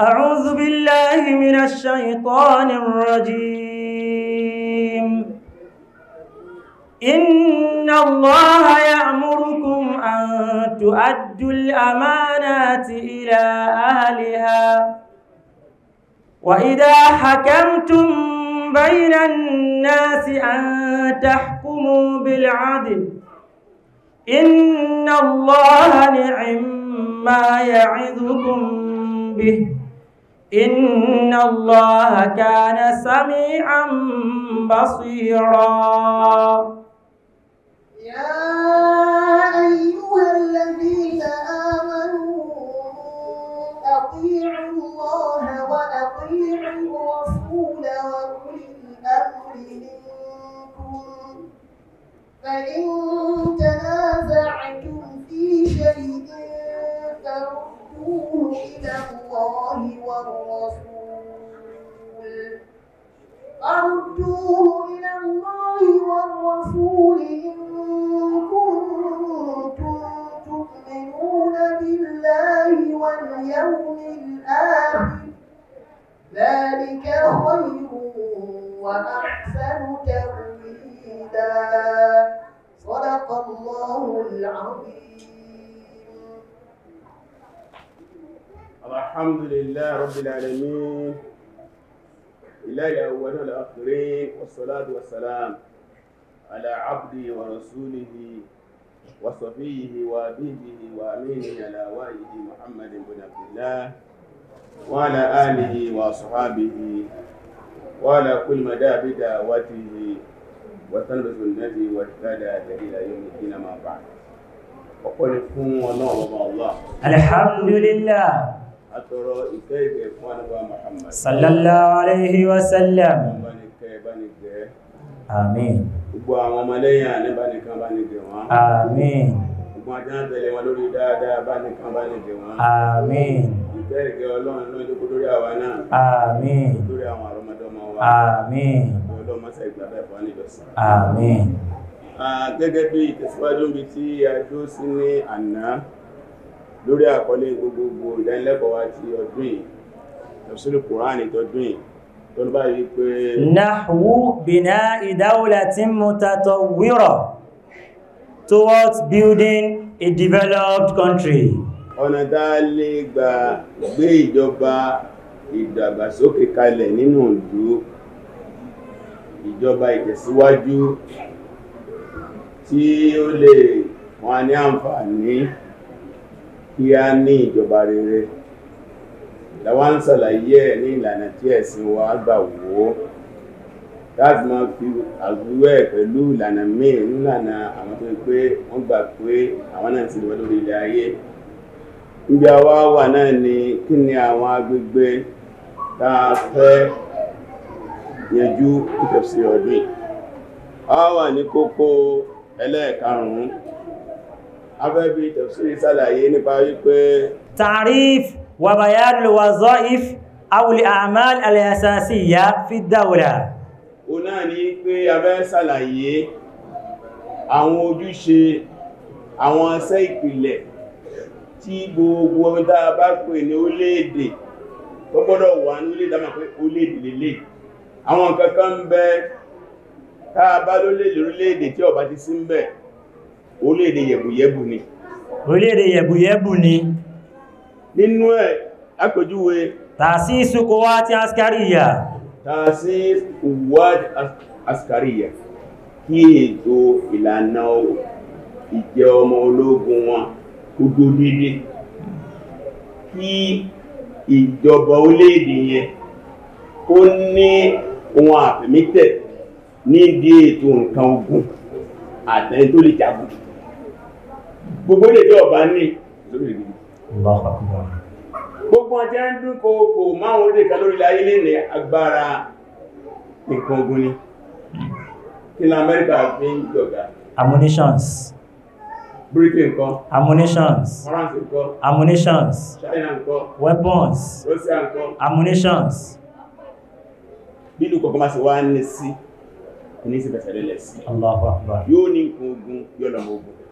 أعوذ بالله من الشيطان الرجيم إن الله يأمركم أن تؤدوا الأمانات إلى أهلها وإذا حكمتم بين الناس أن تحكموا بالعدل إن الله نعم ما يعظكم به إن الله كان سميعا بصيرا يا أيها الذين آمنوا أطيعوا الله وأطيعوا الرسول وأولي الأمر منكم فإن تنازعتم في شيء فردوا إلى الله والرسول أردوه إلى الله والرسول إن الحمد لله رب العالمين إلى الأول والآخرين والصلاة والسلام على عبده ورسوله وصفيه وأبيه وأمينه على وائه محمد بن عبد الله وعلى آله وأصحابه وعلى كل مدى بدعوته وسلب سنته واجتهد إلى يوم الدين ما بعد وقل فهم الله الله الحمد لله atọrọ ìkẹ́ ìgbẹ̀ fún ànábì Muhammad sallallahu alayhi wa sallam àmín gbogbo àwọn ọmọlẹ́yìn ànábì nìkan bá ní gẹ̀ wọ́n àmín gbogbo ajá tẹ̀lé wọn lórí dáadáa bá nìkan bá ní gẹ̀ wọ́n àmín ìkẹ́ ìgbẹ̀ ọlọ́run ló jókòó lórí àwa náà àmín lórí àwọn àrọmọdọ́mọ wa àmín ọlọ́mọsẹ̀ ìgbàbẹ̀ fún àníjọsìn àmín gẹ́gẹ́ bí ìtẹ̀síwájú bí tí a dúró sí ní àná lórí àkọlé gbogbogbò ìdánilẹ́kọ̀ọ́ wa ti ọdún yìí tafsirul Qur'an ìtọ́dún yìí tó ló bá rí pé nahwu bina'i dawlatin mutatawwira towards building a developed country ọ̀nà tá a lè gbà gbé ìjọba ìdàgbàsókè kalẹ̀ nínú ìlú ìjọba ìtẹ̀síwájú tí ó lè wà ní àǹfààní kí a ní ìjọba rere làwọn ń ṣàlàyé ẹ̀ ní ìlànà tí ẹ̀sìn wa gbà wò ó láti máa fi pẹ̀lú ìlànà míì nílànà àwọn tó pé wọ́n gbà pé àwọn náà ti lọ lórí ayé níbi àwa wà náà ni kí ni àwọn agbègbè tá a abẹ́bí tafsiri sàlàyé nípa wípé ta'rif wa bayan al-wazaif aw al-a'mal al-asasiyya fi ad-dawla ó náà ní pé abẹ́ sàlàyé àwọn ojúṣe àwọn iṣẹ́ ìpìlẹ̀ tí gbogbo ọmọ dáa bá pè ní orílẹ̀-èdè tó gbọ́dọ̀ wà ní orílẹ̀-èdè dámà pé orílẹ̀-èdè lélẹ̀ àwọn kankan ń bẹ tá a bá lólè èdè tí ó ti sí ń bẹ orílẹ̀-èdè yẹ̀bùyẹ̀bù ni orílẹ̀-èdè yẹ̀bùyẹ̀bù ni nínú ẹ̀ àpèjúwe tàṣíṣù kòwàtí askariya tàṣíṣù kòwàtí askariya kí ètò ìlànà ìjẹ ọmọ ológun wọn gbogbo dédé kí ìjọba orílẹ̀-èdè yẹn kó ní ohun àfẹ́mítẹ̀ níbi ètò nǹkan ogun àtẹ́ni tó lè jagun gbogbo lè jẹ́ ọ̀bá ní gbogbo ọjẹ́ ń dún kò kò máwọn orílẹ̀ ìkà lórí ayé lè ní agbára nǹkan ogun ni kílá Amẹ́ríkà fi ń jọ̀gá ammunitions Britain ńkọ́ ammunitions France ńkọ́ ammunitions China ńkọ́ weapons Russia ńkọ́ ammunitions bílù kọ̀kọ́ máa sì wá ní sí ní sí bẹ̀sẹ̀lẹ̀lẹ̀ sí yóò ní nǹkan ogun yóò ogun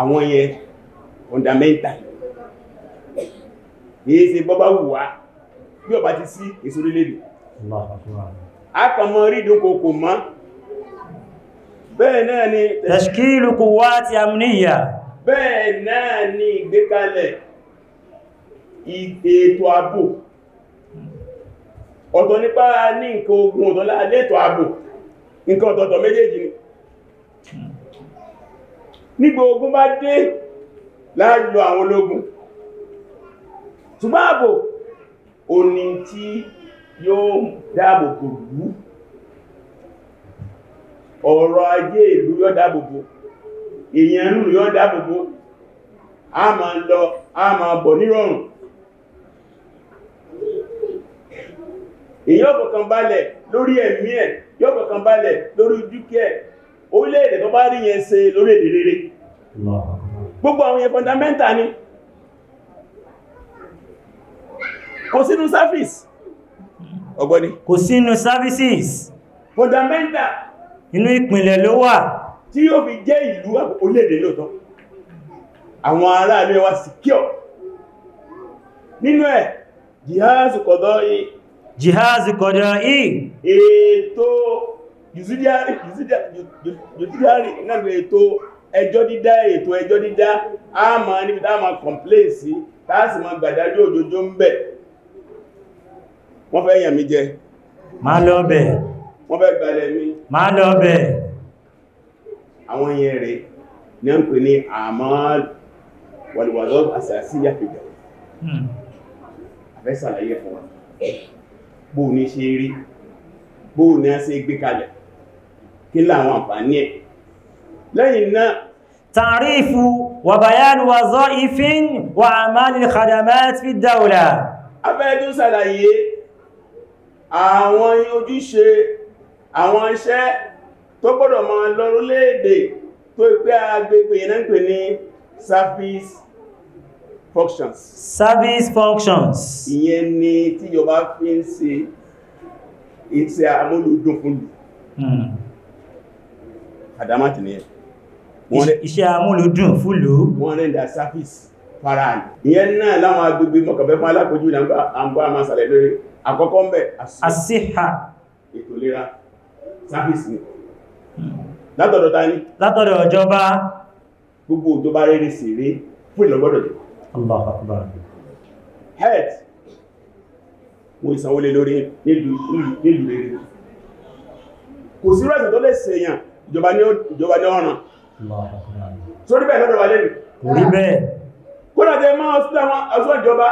àwọn yẹn fundamental èyí ṣe bọ́bá wùwá bí ọba ti sí èso orílẹ̀-èdè akọmọ rí dúnkòkò mọ́ bẹ́ẹ̀ náà ni tashkilu quwwati amniya bẹ́ẹ̀ náà ni ìgbékalẹ̀ ètò ààbò ọ̀tọ̀ nípa ní nǹkan ogun ọ̀tọ̀ láàlẹ́tọ̀ ààbò nǹkan ọ̀tọ̀ọ̀tọ̀ méjèèjì ni nígbà ogun bá dé láàrùn àwọn ológun ṣùgbọ́n ààbò òní tí yóò dáàbò bò lú ọ̀rọ̀ ajé ìlú yóò dáàbò bò èèyàn nù yóò dáàbò bò a máa lọ a máa bọ̀ nírọ̀rùn èèyàn kọ̀kan balẹ̀ lórí ẹ̀mí ẹ̀ yóò balẹ̀ lórí dúkìá orílẹ̀-èdè tó bá rí yẹn ṣe lórílẹ̀-èdè rere gbogbo àwọn yẹn fundamental ni kò sínú service ọgbọ́ni kò sínú services fundamental inú ìpìnlẹ̀ ló wà tí yóò fi jẹ́ ìlú orílẹ̀-èdè lóòtọ́ àwọn aráàlú ẹwà secure nínú ẹ̀ jihaz kọ̀dọ̀ ì jihaz kọ̀dọ̀ ì ètò jùsídíárì jùsídíárì náà ètò ẹjọ́ dídá ètò ẹjọ́ dídá a máa níbi tá a máa complain sí táàsì máa gbàdájọ́ òjòjò ń bẹ̀ wọ́n fẹ́ yàn mí jẹ má lọ bẹ̀ wọ́n fẹ́ gbalẹ̀ mi má lọ bẹ̀ àwọn yẹn rẹ̀ ní ń pè ní àmọ́ wàlúwàlọ́ àsàsíyà fìgbà àfẹ́ hmm. sàlàyé fún wa bóò ní ṣe rí bóò ní a ṣe gbé kalẹ̀ kí láwọn àǹfààní ẹ̀ lẹ́yìn náà tàrífù wà bayanu wà zọ́ ìfín wà àmàlì khadamat fi dáúlà abẹ́ẹ̀dú sàlàyé àwọn ojúṣe àwọn iṣẹ́ tó gbọ́dọ̀ máa lọ lórílẹ̀-èdè tó pé agbègbè náà ní service functions service functions ìyẹn ni tíjọba fi ń ṣe ìṣẹ́ àmúlùdùn fún lù àdámàtì nìyẹn iṣẹ́ amúlùdùn fúlù wọ́n rẹ̀ dà surface farahàn ìyẹn náà láwọn agbègbè mọ̀kànfẹ́ fún alákojú ìdàmbà àmásàlẹ̀ lórí àkọ́kọ́ ń bẹ̀ àṣíhà ètò ìlera surface ni hmm. látọ̀dọ̀ ta ní látọ̀dọ̀ ìjọba gbogbo tó bá rẹ̀rẹ̀ sí rí fún ìlọ́gbọ́dọ̀ jù Allahu Akbar health mo ìsanwó lé lórí nílùú rẹ̀ kò sí rẹ̀sì tó lè ṣèyàn ìjọba ní ọ̀ràn sórí bẹ́ẹ̀ lọ́dọ̀ wà lẹ́nu orí bẹ́ẹ̀ kódà tẹ máa sí àwọn aṣọ ìjọba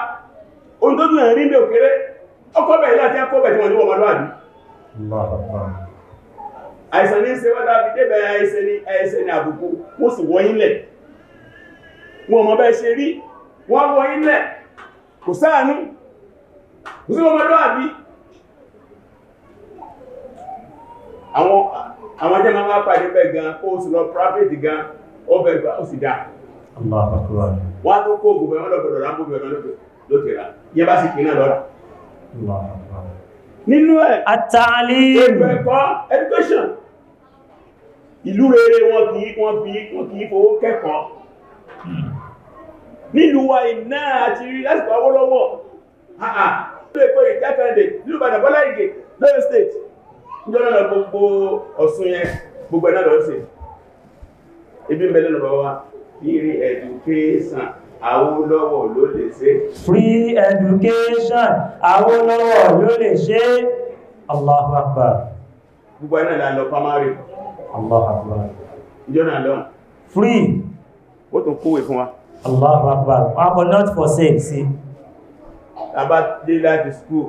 ohun tó tún rí ní òkèrè ọkọ̀ bẹ̀rẹ̀ láti akọ́ bẹ̀rẹ̀ tí wọ́n ní wọ́n wọ́n àìsàn ní ṣe wọ́dá fi débẹ̀ àìsàn ní àìsàn ní àbùkù wọ́n sì wọ́n ilẹ̀ wọ́n mọ̀ bẹ́ẹ̀ ṣe rí wọ́n wọ́n ilẹ̀ kò sáànú kò sí wọ́n mọ́ lọ́wọ́ àbí àwọn àwọn jẹ́ máa pàdé bẹ́ gan kó o sì lọ private gan ó bẹ̀ gbà ó sì dá wọ́n tó kó ògùn bẹ̀rẹ̀ lọ́gbọ̀dọ̀ rámbó bẹ̀rẹ̀ lókèrà yẹ bá sì kìí náà lọ́ra nínú ẹ̀ at-ta'lim ẹ̀kọ́ education ìlú rere wọn kì í wọn fi wọn kì í fowó kẹ́kọ̀ọ́ nílùú wa iná àti rí lásìkò Awólọ́wọ̀ àà lóòkó ìjẹ́fẹ́ndẹ̀ nílùú Ìbàdàn Bọ́lá Ìgè lóòrùn state níjọ́ náà gbogbo ọ̀sùn yẹn gbogbo ẹ̀nà lọ́sẹ̀ ibi mẹ́lẹ̀ lọ́wọ́ wa free education Awólọ́wọ̀ ló lè ṣe free education Awólọ́wọ̀ ló lè ṣe Allahu gbogbo ẹ̀nà lọ pamari Allahu Akbar lọ free ó tún kówè fún wa Allahu Akbar wọn kọ not for sale sí tàbá dé láti school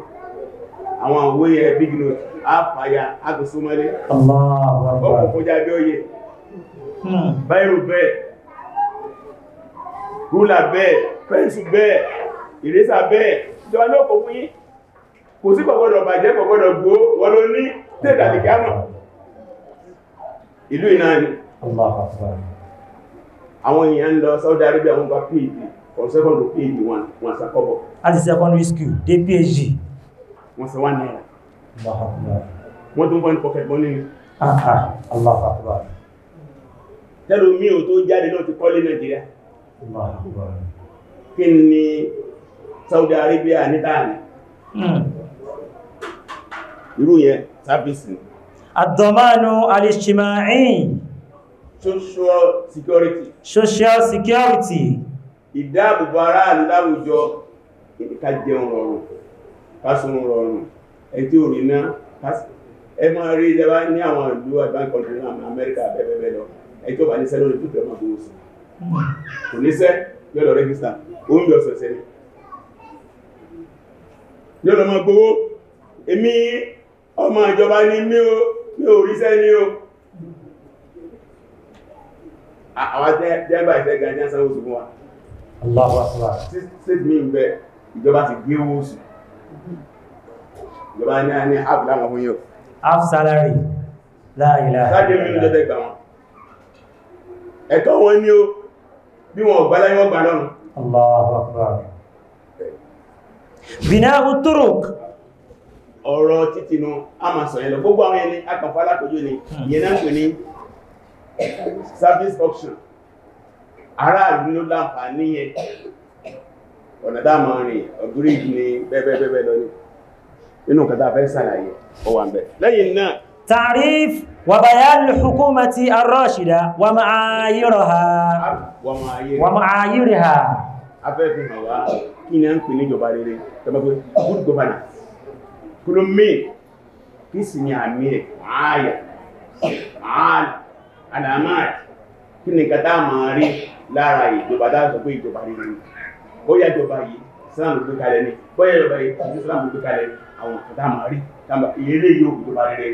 àwọn àwọn yẹ big note àpàyà agbèsómọ́lé ọkùn kọjá bí ó yẹ báyìí bẹ́ẹ̀ rúlà bẹ́ẹ̀ pẹ́ǹsù bẹ́ẹ̀ ìrẹ́sà bẹ́ẹ̀ ìjọba náà kò fún yín kò sí gbọ̀gbọ́dọ̀ bàjẹ́ gbọ̀gbọ́dọ̀ gbó wọ́n ló ní tẹ́ẹ̀dà lè kí á mọ̀ ìlú iná ni àwọn èèyàn lọ Saudi Arabia wọn gba phd e or second phd e wọn sàkọ́bọ̀ àti secondary school dé phd wọ́n san one naira. wọ́n tún bọ́ ní pocket money ni. Ah, ah, Allahu Akbar. tẹ́lu mi ò tó jáde náà ti kọ́lé Nàìjíríà. kí ni Saudi Arabia níta ni. Hmm. irú yẹn sáfíìsì ni. àdọ̀mánu alìṣìmáì. social security. social security. ìdáàbòbò aráàlú láwùjọ ìdíkà jẹun rọrùn kásùn rọrùn ẹtí òrí náà ẹ máa rí ìjọba ní àwọn ìlú advanced country náà Amẹ́ríkà bẹ́ẹ̀bẹ́ẹ̀ lọ ẹtí ọba níṣẹ́ lórí tó tẹ̀ máa gbowó sí kò níṣẹ́ yóò lọ rẹ́gísítà oúnjẹ ọ̀sọ̀ọ̀sẹ̀ ni yóò lọ máa gbowó èmi ọmọ ìjọba ni mi ò ríṣẹ́ ni o àwọn jẹ́bà ìfẹ́ gan-an jẹ́ sanwó-oṣù fún wa. Allah wa sọ́ra. Ṣé mi ń bẹ ìjọba ti gbé owó oṣù? ìjọba ní a ní half láwọn fún yóò half salary láàrínlá sáàdé mi ló tẹ́gbà wọn ẹ̀tọ́ wọn ní o bí wọn ọ̀gbá láyé wọ́n gbà lọ́rùn Allahu Akbar binahu turuq ọ̀rọ̀ títínú amazon ẹ̀lọ gbogbo àwọn ẹni akànfà alákojú ni ìyẹn náà pè ní service option ara ìlú láǹfà níyẹn ọ̀nà dáàmà rìn ọ̀bíríjì ni bẹ́ẹ̀bẹ́ẹ̀bẹ́ẹ̀ lọ ní inú kàtà fẹ́ sàlàyé ó wà ń bẹ̀ lẹ́yìn náà ta'rif wa bayan hukumati ar-rashida wa ma'ayiraha wa ma'ayiraha afẹ́fẹ́ hàwá kí ni a ń pè ní ìjọba rere tọ́bọ̀fẹ́ good governance kí ló mẹ́ kí sì ni àmì ẹ̀ ààyà àlàmáà kí ni kàtà máa rí lára ìjọba dáàsọ pé ìjọba rere bóyá ìjọba yìí islam ló gbé kalẹ̀ ni bóyá ìjọba yìí islam ló gbé kalẹ̀ àwọn nǹkan tá a máa rí tábà eré yóò gbọba rere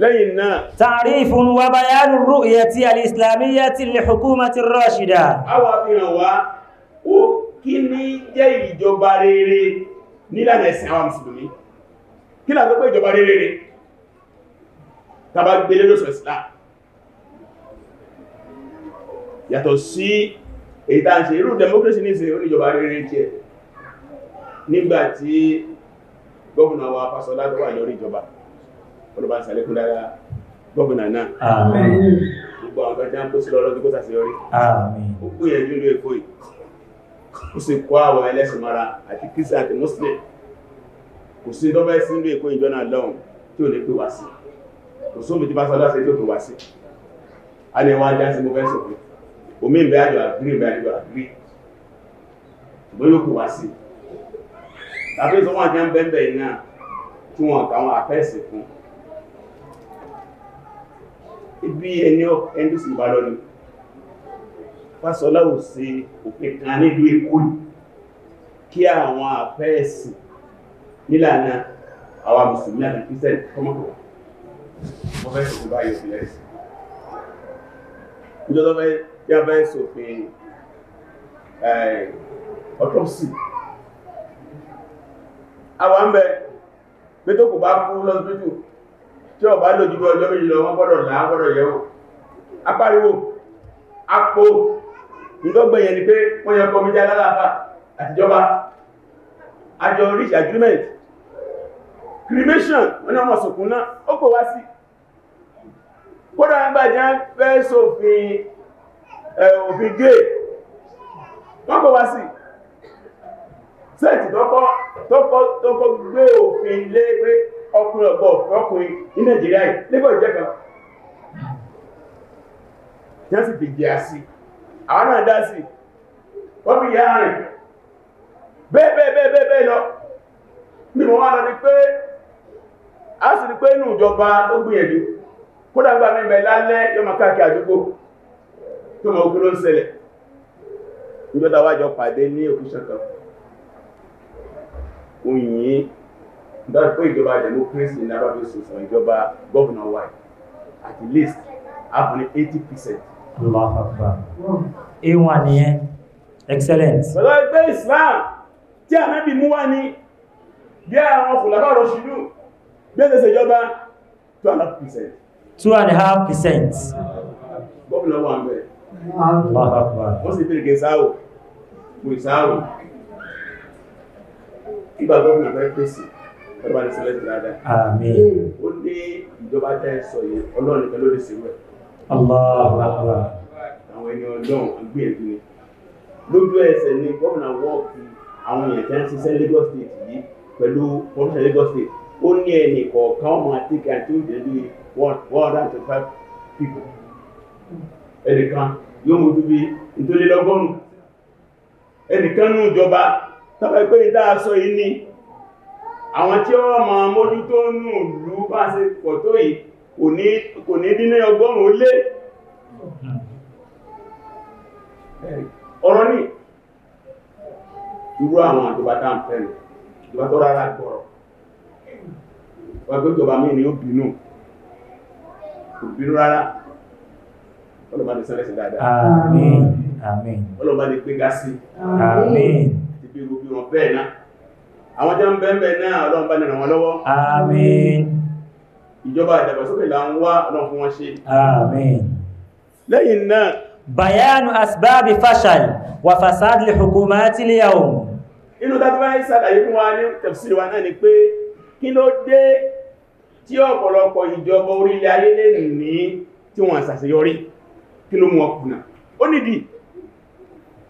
lẹ́yìn náà tàrífún wa bayanu ru'yati al-islamiyyati li-hukumati ar-rashida awà fi hàn wá ó kí ní jẹ́ ìjọba rere nílànà ẹ̀sìn àwọn mùsùlùmí kí là lọ́pẹ́ ìjọba rere rẹ̀ tàbá gbélé lóṣọ̀ islam yàtọ̀ sí èyí tá ń ṣe irú democracy ní ìsìn oníjọba rere jẹ nígbàtí gọ́ọ̀nà wa Fáṣọlá tó wà lórí ìjọba olùbá ń sàlékún dára gọ́ọ̀nà náà gbogbo àwọn ọjọ́ ń kó sí lọ́rọ́ tó sàṣeyọrí ó kú yẹn nílò èkó yìí ó sì kó àwọn ẹlẹ́sìn mara àti Christian àti Muslim kò sí lọ́bẹ̀ sí nílò èkó ìjọ náà lọ́hùn tí ò ní pè wá sí kò sóhun tí Fáṣọlá ṣe tí ò pè a ní wá já sí omi ìbẹ̀ àjò àgbírí ìbẹ̀ àjò àgbírí ṣùgbọ́n yóò kù wá sí tàbí sọ wọ́n jẹ́ ń bẹ́ẹ̀bẹ̀ náà tí wọ́n káwọn àfẹ́ẹ̀sì fún ibi ẹni ẹni sì bá lọ́nà Fásọlá ò ṣe òfin kan nílùú Èkó kí àwọn àfẹ́ẹ̀sì nílànà àwọn mùsùlùmí àti kìrìsìtẹ́nì kọ́mọ́kọ̀ọ́ mo fẹ́ sọ báyìí ya bá ń sòfin eh, autopsy àwọn ń bẹ pé kò bá kú tí ọba bá lójú ọjọ́ méjì lọ wọ́n gbọ́dọ̀ là gbọ́dọ̀ yẹ̀wò apáriwo apò ìdọ́gbẹ̀yẹ̀ ni pé wọ́n yẹ kọmíjá lálàáfà àtijọba àjọ agreement cremation ọmọ náà ó kò wá sí kódà ń bàjẹ́ fẹ́ òfin gay wọ́n wá sí sẹ́ẹ̀tì tọkọ kọ́ gbé òfin lé pé ọkùnrin ọ̀gbọ̀ ọkùnrin ní Nàìjíríà yìí lébọ̀ ìjẹ́ kan jẹ́ sì àwọn náà dá sí yá rìn bẹ́ẹ̀bẹ́ẹ̀bẹ́ẹ̀ lọ ní mọ̀ pé a sì pé inú ìjọba ó gbìyànjú kódà gbà lálẹ́ yọmọ káàkiri àdúgbò tó mọ̀ kí ló ń ṣẹlẹ̀ níjọ́ta wájọ pàdé ní òkúṣẹ́ kan oyin dápẹ́ ìjọba democracy ní arábí sọ̀sán ìjọba gọ́vùnà wa at least half ní 80 percent a1 nìyẹn excellent pẹ̀lú ẹgbẹ́ Islam tí a mẹ́bí mú wá ní bí àwọn fùlàbà rọ̀ṣìlú bí ẹ̀sẹ̀ ìjọba 2.5 percent 2.5 percent Governor wa wọ́n sì bèèrè gẹ̀ẹ́sáwò kò ìsáwò ìgbà tó kò fẹ́ pèsè ọba ní sílẹ̀ ìlàdá ó ní ìjọba jẹ́ ẹ̀sọ̀ yìí ọlọ́run nìkan ló lè sí rẹ̀ àwọn ẹni ọlọ́run agbẹ́ẹ̀dù ni lójú ẹsẹ̀ ni gómìnà wọ́ọ̀kì àwọn èèyàn tẹ́ ń ṣiṣẹ́ Lagos State yìí pẹ̀lú pọ́lísẹ̀ Lagos State ó ní ẹnì kọ̀ọ̀kan ọmọ àtìkà tó jẹ́ bí one hundred and twenty five people ẹnìkan yóò mú bíbí ìtòlélọ́gọ́rùn ẹnìkan ní ìjọba tọ́bẹ̀ pé ìdáàsọ yìí ni àwọn tí ó ma mójú tó nù lú bá ṣe pọ̀ tó yìí kò ní dín ní ọgọ́rùn ó lé ọ̀rọ̀ ní irú àwọn àjọba tá ń fẹ́nu ìjọba tó rárá gbọ́rọ̀ wọ́n gbé ìjọba mí ni ó bínú rárá ọlọ́ba ní sẹ́lẹ̀sì dáadáa. àmín àmín. ọlọ́ba ní pín gásí. àmín. ti bí gbogbo wọn bẹ́ẹ̀ náà àwọn jẹ́ ń bẹ́ẹ̀ náà ọlọ́ba ní ràn wọ́n lọ́wọ́. àmín. ìjọba ìdàgbàsókè là ń wá ọlọ́run fún wọn ṣe. àmín. lẹ́yìn náà. bayanu asbabi fashal wa fasad li hukumati al-yawm. inú dájú bá ń ṣàlàyé fún wa ní tafsir wa náà ni pé kí ló dé tí ọ̀pọ̀lọpọ̀ ìjọba orílẹ̀ ayé lè ní tí wọ́n ṣàṣeyọrí kí ló mú ọkùnà ó nìdí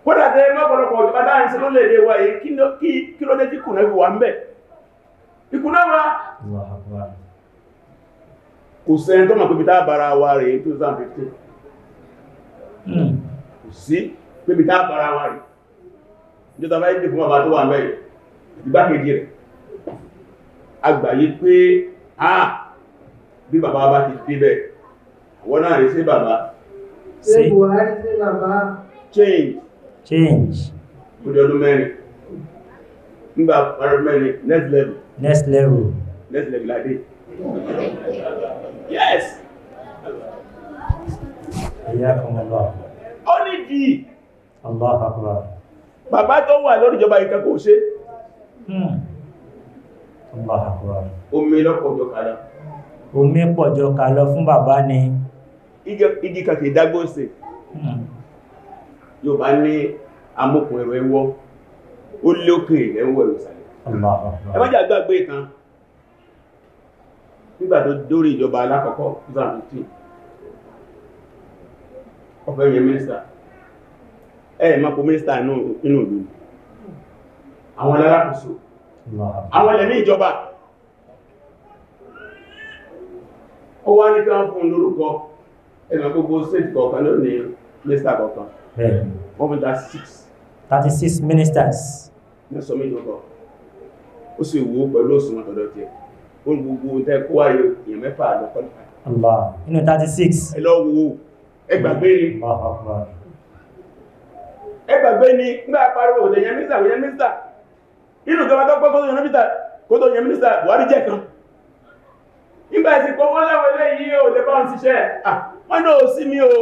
kódà tẹ́ mọ́pọ̀lọpọ̀ ìjọba dáhùn sí lórílẹ̀-èdè wa yìí kí ló dé tí kùnà ìwà ń bẹ̀ ìkùnà wa kò sẹ́yìn tó mọ̀ pé bíta bára wa rẹ̀ 2015 hmm. kò sí pé bíta bára wa rẹ̀ ìjọba bá yìí fún ọba wà mẹ́rin ìgbákejì rẹ̀ agbàyé pé ah bí bàbá bá ti fi bẹ́ẹ̀ wọ́n náà rí sí bàbá ṣe change change ó di ọdún mẹ́rin nígbà ọdún next level next level next level Like this. yes ẹ̀yà kan ọlọ́ ó ní di Allah akbar bàbá tó wà lórí ìjọba ìkẹ́kọ̀ọ́ ṣe hmm. Allah akbar omi lọ́pọ̀ jọ kalọ omi pọ̀jọ kalọ fún bàbá ni igi kan kìí dágbó sí yóò bá ní amókùn ẹ̀rọ ẹwọ́ ó lókè ẹ̀wọ̀ ìrùsàlẹ̀ ẹ má jà gbàgbé ìtàn nígbà tó dórí ìjọba alákọ̀ọ́kọ́ 2015 ọ̀fẹ́ yẹn mínísítà ẹ̀ máa kó mínísítà inú ìlú àwọn alákòóso àwọn ilẹ̀ ní ìjọba ó wá ní kí wọ́n fún un lórúkọ ẹnà gbogbo state kọ̀ọ̀kan ló ní minister kọ̀ọ̀kan wọ́n fi da six. thirty six ministers. ní sọ méjì kọ ó sì wò ó pẹ̀lú òṣùwọ̀n tọ̀dọ̀ tiẹ̀ ó ní gbogbo tẹ́ kó wáyé èèyàn mẹ́fà ló kọ́ nípa. Allah inú thirty six. ẹ lọ wo ẹ gbàgbé ni ẹ gbàgbé ni nígbà pariwo òde yẹn mínísítà òde yẹn mínísítà inú ìjọba tó pẹ́ kó tó yẹn mínísítà Buhari jẹ́ kan nígbà tí kò wọ́n láwọn ilé yìí ò lè bá ń ṣiṣẹ́ ah, wọ́n náà sí mi o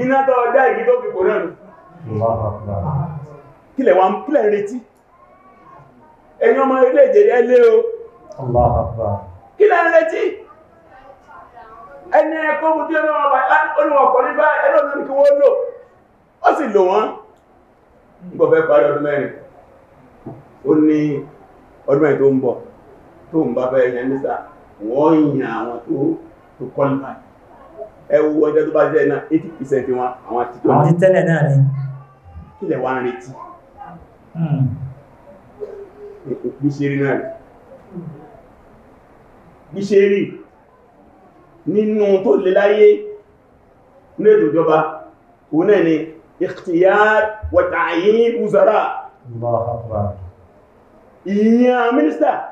iná tó ọjá ìgbì tó kìkò náà kílẹ̀ wọ́n kílẹ̀ retí ẹ̀yìn ọmọ ilé ìjẹ̀rẹ̀ ẹlé o kílẹ̀ retí ẹni ẹkọ́ mú tí olùwọ̀kọ̀ nígbà ẹlọ́nà kí wọ́n lò ó sì lò wọ́n gbọ̀fẹ́ parí ọdún mẹ́rin ó ní ọdún mẹ́rin tó ń bọ̀ tó ń bá bẹ́ẹ̀ yẹn nísà wọ́n yàn àwọn tó tó qualify ẹ wo ọjọ́ tó bá jẹ́ náà eighty percent wọn àwọn àti tó àwọn ti tẹ́lẹ̀ náà ni kí lẹ̀ wá ń retí gbíṣeré hmm. náà rẹ̀ gbíṣeré nínú tó lè láyé ní ètò ìjọba òun náà ni ikhtiyar wa ta'yin wuzara mínísítà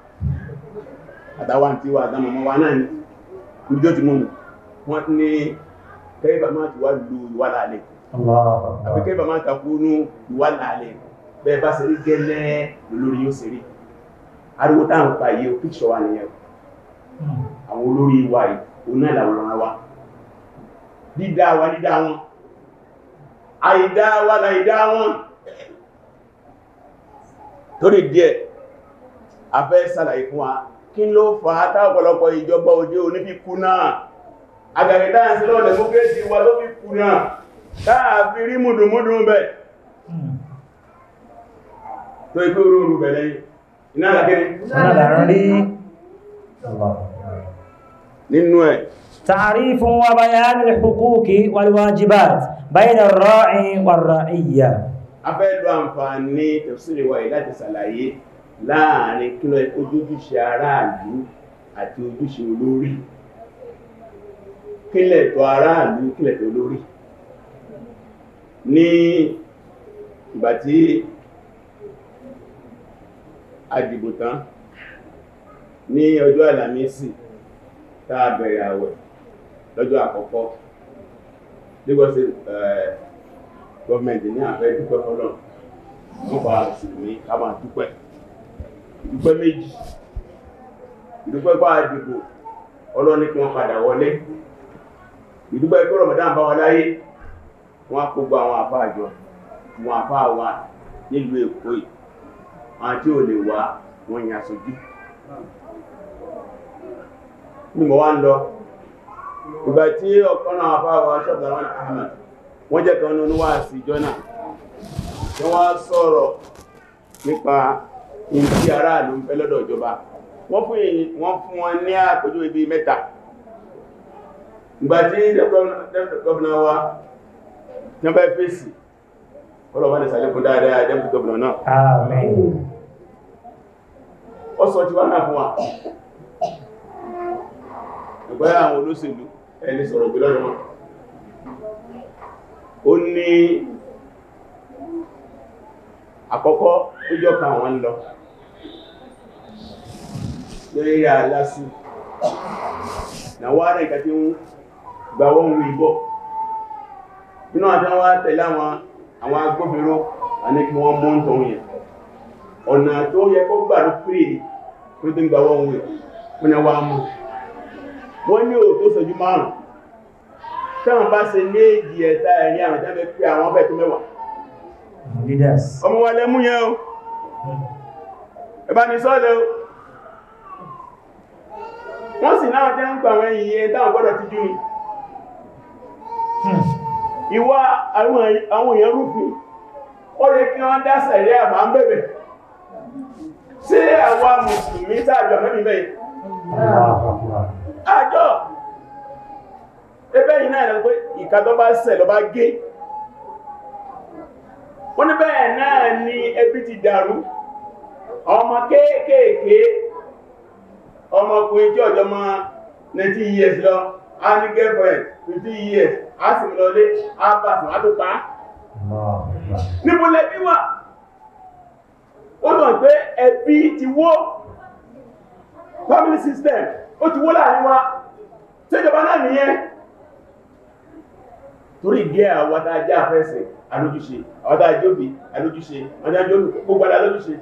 àtàwà àti wà àtàmọ̀mọ́ wa náà ni ìjọ ti mọ́ wọn ní kẹ́ẹ̀bà máa ti wá lu ìwà láàlẹ̀ àbí kẹ́ẹ̀bà máa takú ní ìwà láàlẹ̀ bẹ́ẹ̀ bá ṣe rí gẹ́lẹ́ lórí yóò ṣe rí ariwo táà ń pa iye píṣọ wa nìyẹn àwọn olórí wa yìí òun náà làwòrán wa dídá wa dídá wọn àìdá wa láìdá wọn torí sàlàyé fún wa kí ló fà á tápọ̀lọpọ̀ ìjọba òde òní fi kú náà àgbàgbẹ̀ dáyànsí lọ́wọ́ democracy wa ló fi kú náà táà fi rí mùdùmúdù bẹ̀ tó ikú rúrù bẹ̀lẹ̀ iná àlàkiri nínú ẹ̀ تعريف وبيان الحقوق والواجبات بين الراعي والرعية afẹ́ lọ àǹfààní tẹ̀sílẹ̀wà ìláti sàlàyé láàrin kí ló yẹ kó jójúṣe aráàlú àti ojúṣe olórí kí lẹ̀tọ́ aráàlú kí lẹ̀tọ́ olórí ní ìgbà tí a dìbò tán ní ọjọ́ àlàmísì tá a bẹ̀rẹ̀ àwẹ̀ lọ́jọ́ àkọ́kọ́ Lagos government ní àfẹ́ dúpẹ́ fọ́lọ̀ nípa ìsinmi ká máa dúpẹ́ ìpẹ́ méjì ìdúpẹ́ bá àdìbò ọlọ́ni kí wọ́n padà wọlé ìdúpẹ́ pé rọ̀mọ̀dán bá wọn láyé wọ́n kógbó àwọn àbá àjọ wọn àbá wa nílùú èkó yìí yàn sójú ní mọ̀ wá ń lọ ìgbà tí ọ̀kan náà wa wọn in tí aráàlú ń fẹ́ lọ́dọ̀ ìjọba wọ́n fún wọn ní àpójú ibi mẹ́ta ìgbàtí gọ́ọ̀nà wa nígbà fèsì ọlọ́wọ́ ní sàlékún dáadáa dẹ́bù gọ́ọ̀nà náà àmín ó sọ ti wá náà fún wa ìgbà àwọn olóṣèlú ẹni sọ̀rọ̀ gbé lọ́rọ̀ wọn ó ní àkọ́kọ́ ó jọ́ kan àwọn lọ lórí aláṣù na wá rẹ̀ ìkà tí ń gbà wọ́n wù ìbọ̀ inú àjọ́ wá tẹ̀lé àwọn agbófinró a ní kí wọ́n mọ́ ń tọ̀hún yẹn ọ̀nà tó yẹ kó gbà ló pè ní kó tí ń gbà wọ́n wù ìpínlẹ̀ wá mú wọ́n ní òótó sọjú márùn ẹ̀bá ni sọ́ọ̀lẹ́ o wọ́n sì náà jẹ́ ń gbà àwọn èyí ẹ̀dá ti jú ni hmm. ìwà àwọn èèyàn rúfin ó yẹ kí wọ́n dá sẹ̀rí àmà ń bẹ̀bẹ̀ sí àwa mùsùlùmí tààjọ mẹ́bí àjọ ẹbẹ́ yìí náà lọ pé ìka bá ṣẹ̀ lọ bá ni ẹbí ti dàrú ọmọ ke. ọmọkùnrin tí ọjọ́ máa 19 years lọ a ní girlfriend 15 years a sì lọ lé a bá fún àtúpa níbo lẹ́bí wà ó dàn pé ẹbí ti wó family system ó ti wó láàrin wa tẹ́jọba náà nìyẹn torí gẹ́ àwọn ajá afẹ́sẹ̀ alójúṣe àwọn ajá alójúṣe àwọn ajá gbogbo alójúṣe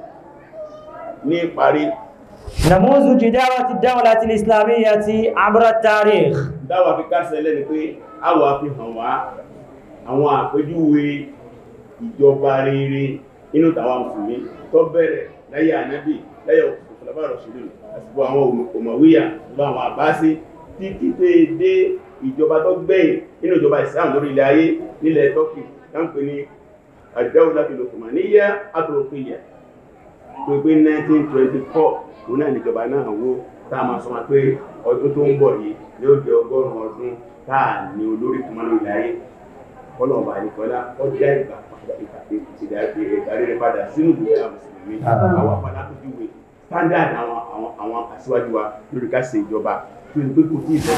ní parí نموذج دعوة الدولة الإسلامية عبر التاريخ dáwà fi kásẹ̀ lẹ́ni pé àwọ̀ هوا wá àwọn àpéjúwe ìjọba rere inú tàwa mùsùlùmí tó bẹ̀rẹ̀ láyé ànábì láyé òkùnfàlàbà rọ̀ṣùlù àsìkò àwọn òmàwíyà lọ àwọn àbáṣe títí tó dé ìjọba tó gbẹ̀yìn nínú ìjọba ìsìlámù lórí ilẹ̀ ayé nílẹ̀ tọ́kì táǹpẹ̀ ní àdáwò láti níyà àtòròkìyà tó pé nineteen twenty four òun náà níjọba náà wó tá a máa sọ wọn pé ọdún tó ń bọ̀ yìí yóò jẹ ọgọ́rùn-ún ọdún tá a ní olórí tó máa ń lò láyé ọlọ́ọ̀bà àyíkọ́lá ọjà ìgbà ìdàgbé ìdarí rẹ padà sínú ìlú ìlà mùsùlùmí àwọn afalákùnjúwe standard àwọn àwọn aṣíwájú wa lórí ká ṣe ìjọba tó ń pé kò tí ì bọ́